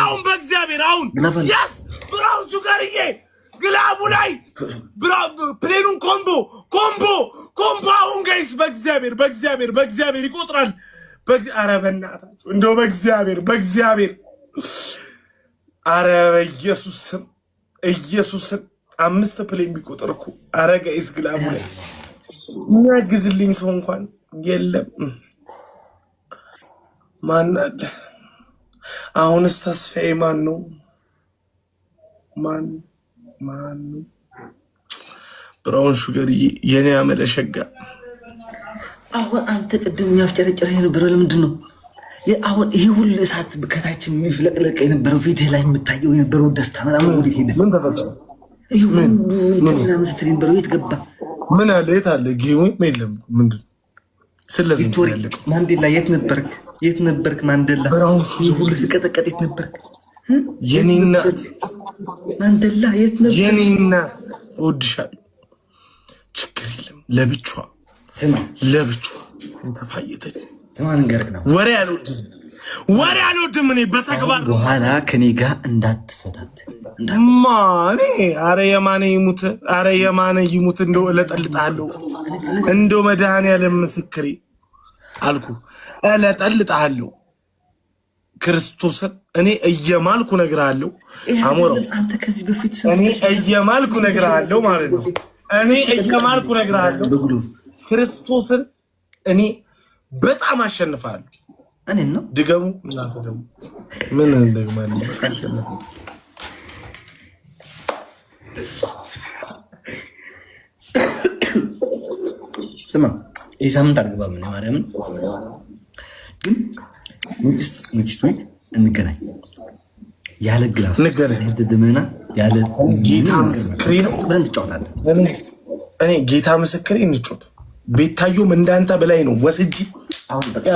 አሁን በእግዚአብሔር አሁን ያስ ብራውን ሹገርዬ ግላቡ ላይ ፕሌኑን ኮምቦ ኮምቦ ኮምቦ። አሁን ጋይስ በእግዚአብሔር በእግዚአብሔር በእግዚአብሔር ይቆጥራል። ኧረ በእናታችሁ እንደው በእግዚአብሔር በእግዚአብሔር ኧረ በኢየሱስ ስም ኢየሱስን አምስት ፕሌን ቢቆጥር እኮ ኧረ ጋይስ ግላቡ ላይ የሚያግዝልኝ ሰው እንኳን የለም። ማን አለ? አሁንስ ተስፋዬ ማን ነው? ማን ማን ነው? ብራውን ሹገር የኔ ሸጋ። አሁን አንተ ቅድም የሚያፍጨረጨረ የነበረው ለምንድን ነው? አሁን ይሄ ሁሉ እሳት ከታችን የሚፍለቅለቅ የነበረው ፊትህ ላይ የምታየው የነበረው ደስታ ምናምን ወዴት ሄደ? ይህ ሁሉ ምናምን ስትል የነበረው የት ገባ? ምን አለ? የት አለ? ጌሙ የለም ምንድን ስለዚህ ማንዴላ የት ነበርክ? የት ነበርክ? ማንዴላ ሁሉ ስቀጠቀጥ የት ነበርክ? የኔ እናት ማንዴላ የት ነበርክ? የኔ እናት እወድሻለሁ። ችግር የለም። ለብቻዋ ለብቻዋ ተፋየተች ወሬ አልወድም ወሬ አልወድም እኔ በተግባር በኋላ ከኔ ጋር እንዳትፈታት ማኔ አረ የማነ ይሙት አረ የማነ ይሙት እንደው እለጠልጣለሁ እንደው መድኃኔዓለም ምስክሬ አልኩ እለጠልጣለሁ ክርስቶስን እኔ እየማልኩ እነግርሃለሁ አሞራው እኔ እየማልኩ እነግርሃለሁ ማለት ነው እኔ እየማልኩ እነግርሃለሁ ክርስቶስን እኔ በጣም አሸንፋለሁ እኔ ነው ድገሙ። ምን እንደግማለን? ስማ ይህ ሳምንት አልገባም ነው ማርያምን። ግን ንግስት እንገናኝ ያለ ግላፍ ያለ ጌታ ምስክሬ ነው ብለን ትጫወታለን። እኔ ጌታ ምስክሬ እንጮት ቤታዮም እንዳንተ በላይ ነው ወስጂ አሁን በቃ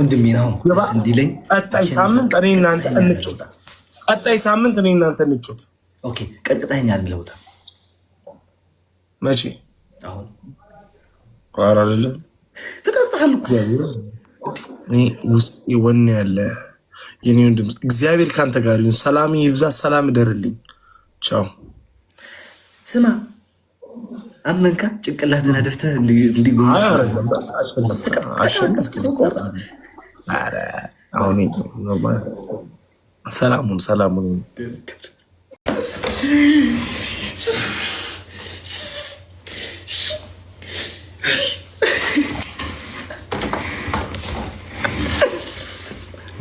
ወንድሜ ነው እንዲለኝ። ቀጣይ ሳምንት እኔ እናንተ እንጮት፣ ቀጣይ ሳምንት እኔ እናንተ ኦኬ ቀጥቅጠኸኛል ብለውታል። መቼ? አሁን ኧረ አይደለም ተቀጥቅጠሃል እኔ ውስጥ ወኔ ያለ የኔ ወንድም፣ እግዚአብሔር ካንተ ጋር ይሁን። ሰላም ይብዛ፣ ሰላም እደርልኝ። ቻው። ስማ አመንካ ጭንቅላትን አደፍተህ እንዲጎመስ ሰላሙን ሰላሙን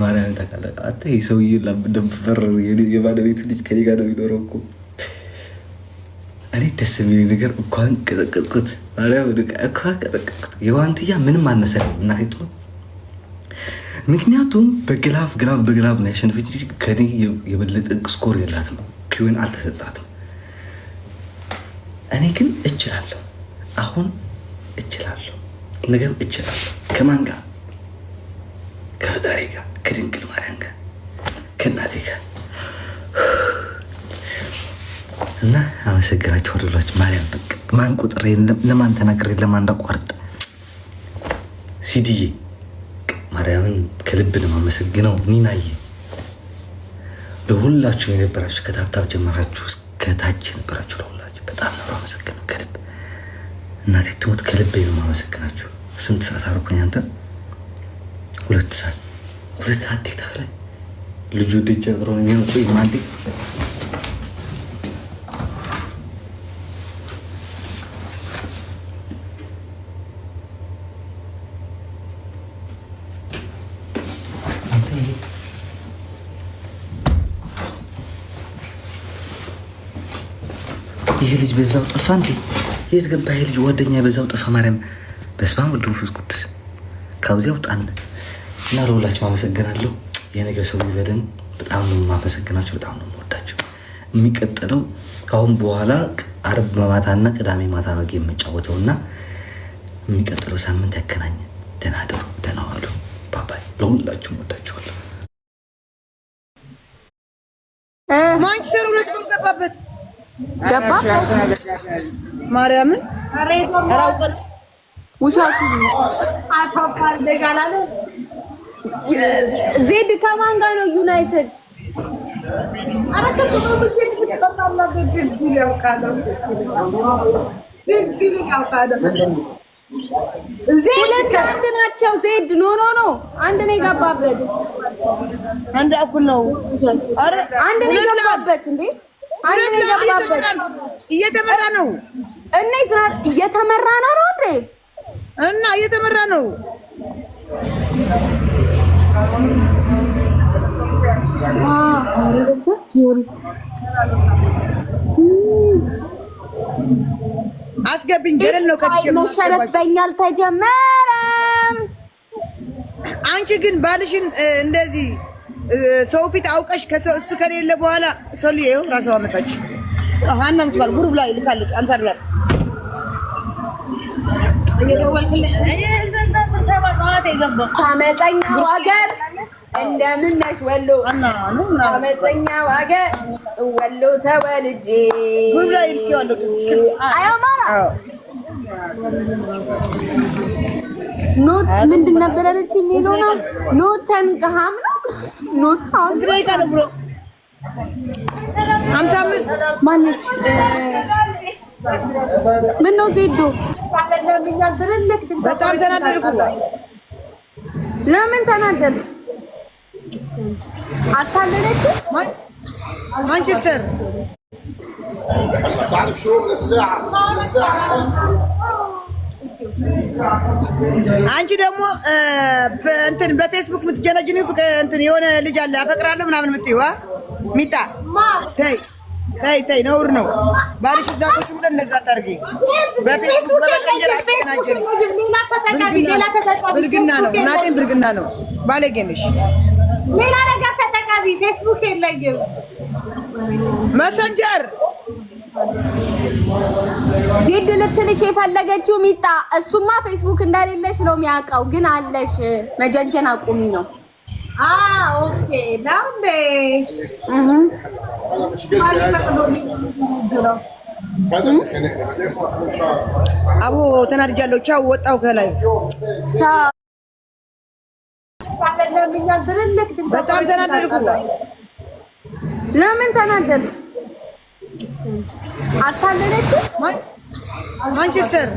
ማርያምን ታውቃለህ። አንተ ይህ ሰውዬ ደንብ የባለቤቱ ልጅ ከኔ ጋር ነው የሚኖረው እኮ እኔ ደስ የሚል ነገር እንኳን ቀጠቀጥኩት እንኳን ቀጠቀጥኩት። የዋንትያ ምንም አልመሰለ እናቴ ጥሩ። ምክንያቱም በግላፍ ግላፍ በግላፍ ነው ያሸንፈች እንጂ ከኔ የበለጠ ስኮር የላትም፣ ኪዩን አልተሰጣትም። እኔ ግን እችላለሁ፣ አሁን እችላለሁ፣ ነገም እችላለሁ። ከማን ጋር? ከፈጣሪ ጋር፣ ከድንግል ማርያም ጋር፣ ከእናቴ ጋር እና አመሰግናችሁ አደሏችሁ። ማርያም በቃ ማን ቁጥር ለማን ተናግሬ ለማን ዳቋርጥ ሲድዬ ማርያምን ከልብ ነው የማመሰግነው። ኒናዬ ለሁላችሁ የነበራችሁ ከታብታብ ጀመራችሁ እስከታች የነበራችሁ ለሁላችሁ በጣም ነው አመሰግነው ከልብ እናቴ ትሙት ከልብ ነው አመሰግናችሁ። ስንት ሰዓት አርኩኝ አንተ ሁለት ሰዓት ሁለት ሰዓት ታክላይ ልጁ ደጀ ብሮ ነው ቆይ ማንዴ ይሄ ልጅ በዛው ጠፋ እንዴ? የት ገባ ይህ ልጅ? ጓደኛ በዛው ጠፋ። ማርያም በስመ አብ ወወልድ ወመንፈስ ቅዱስ ከዚያ ውጣን እና ለሁላችሁም አመሰግናለሁ። የነገ ሰው ይበለን። በጣም ነው የማመሰግናቸው፣ በጣም ነው የምወዳቸው። የሚቀጥለው ከአሁን በኋላ አርብ ማታና ቅዳሜ ማታ ነው የምንጫወተው እና የሚቀጥለው ሳምንት ያገናኝ። ደህና አደሩ፣ ደህና ዋሉ። ባባይ ለሁላችሁም ወዳችኋለሁ። ማንቸስተር ሁለት ገባበት ገባ ማርያምን ውሻቱ ዜድ ከማን ጋር ነው ዩናይትድ? ሁለት አንድ ናቸው። ዜድ ኖ ኖ ኖ አንድ ነው የገባበት፣ አንድ እኩል ነው። አንድ ነው የገባበት እንዴ እየተመራ ነው እና እየተመራ ነው ነው እንዴ? እና እየተመራ ነው። አስገብኝ ገደል ነው መሸረበኛል ተጀመረም። አንቺ ግን ባልሽን እንደዚህ ሰው ፊት አውቀሽ እሱ ከሌለ በኋላ ሰው ራሷ አመጣች። ሀና ምትባል ጉሩብ ላይ ልካለች። አንተርላት ሀገር እንደምን ነሽ ወሎ? ሀገር ወሎ ተወልጄ ኖት ምንድን ነበር ልጅ የሚለው ነው ኖት ተንቅሃም ነው ምነው ዜዶ በጣም ተናደድኩ። ለምን ተናደድኩ? አታለለችው ማንቸስተር አንቺ ደግሞ እንትን በፌስቡክ የምትጀነጅን እንትን የሆነ ልጅ አለ አፈቅራለሁ ምናምን የምትይው ሚጣ ተይ ተይ ተይ፣ ነውር ነው። ባልሽ እዛ ቁጭ ብለን እንደዛ ታርጊ። በፌስቡክ ብልግና ነው፣ እናቴን ብልግና ነው። ባለጌ ነሽ። ሌላ ነገር ተጠቃሚ ፌስቡክ የለኝም መሰንጀር ዜድ ልትልሽ የፈለገችው ሚጣ፣ እሱማ ፌስቡክ እንደሌለሽ ነው የሚያውቀው፣ ግን አለሽ። መጀንጀን አቁሚ ነው። ኦኬ አቦ ተናድጃለሁ። ቻው ወጣው ከላይ በጣም ተናደድኩ። ለምን ተናደድኩ? አታለለች። ማንቸስተር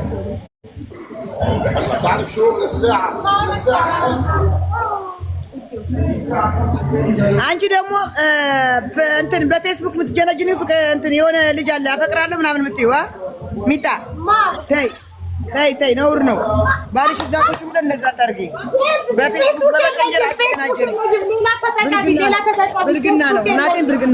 አንቺ ደግሞ እንትን በፌስቡክ የምትጀነጅን እንትን የሆነ ልጅ አለ አፈቅራለሁ ምናምን የምትይው ሚጣ ተይ ተይ ነውር ነው። ባልሽ እዛ ቁጭ ብለን እንደዛ ታርጊ። በፌስቡክ በመሰንጀር አትናጀሪ። ብልግና ነው እናቴን ብልግና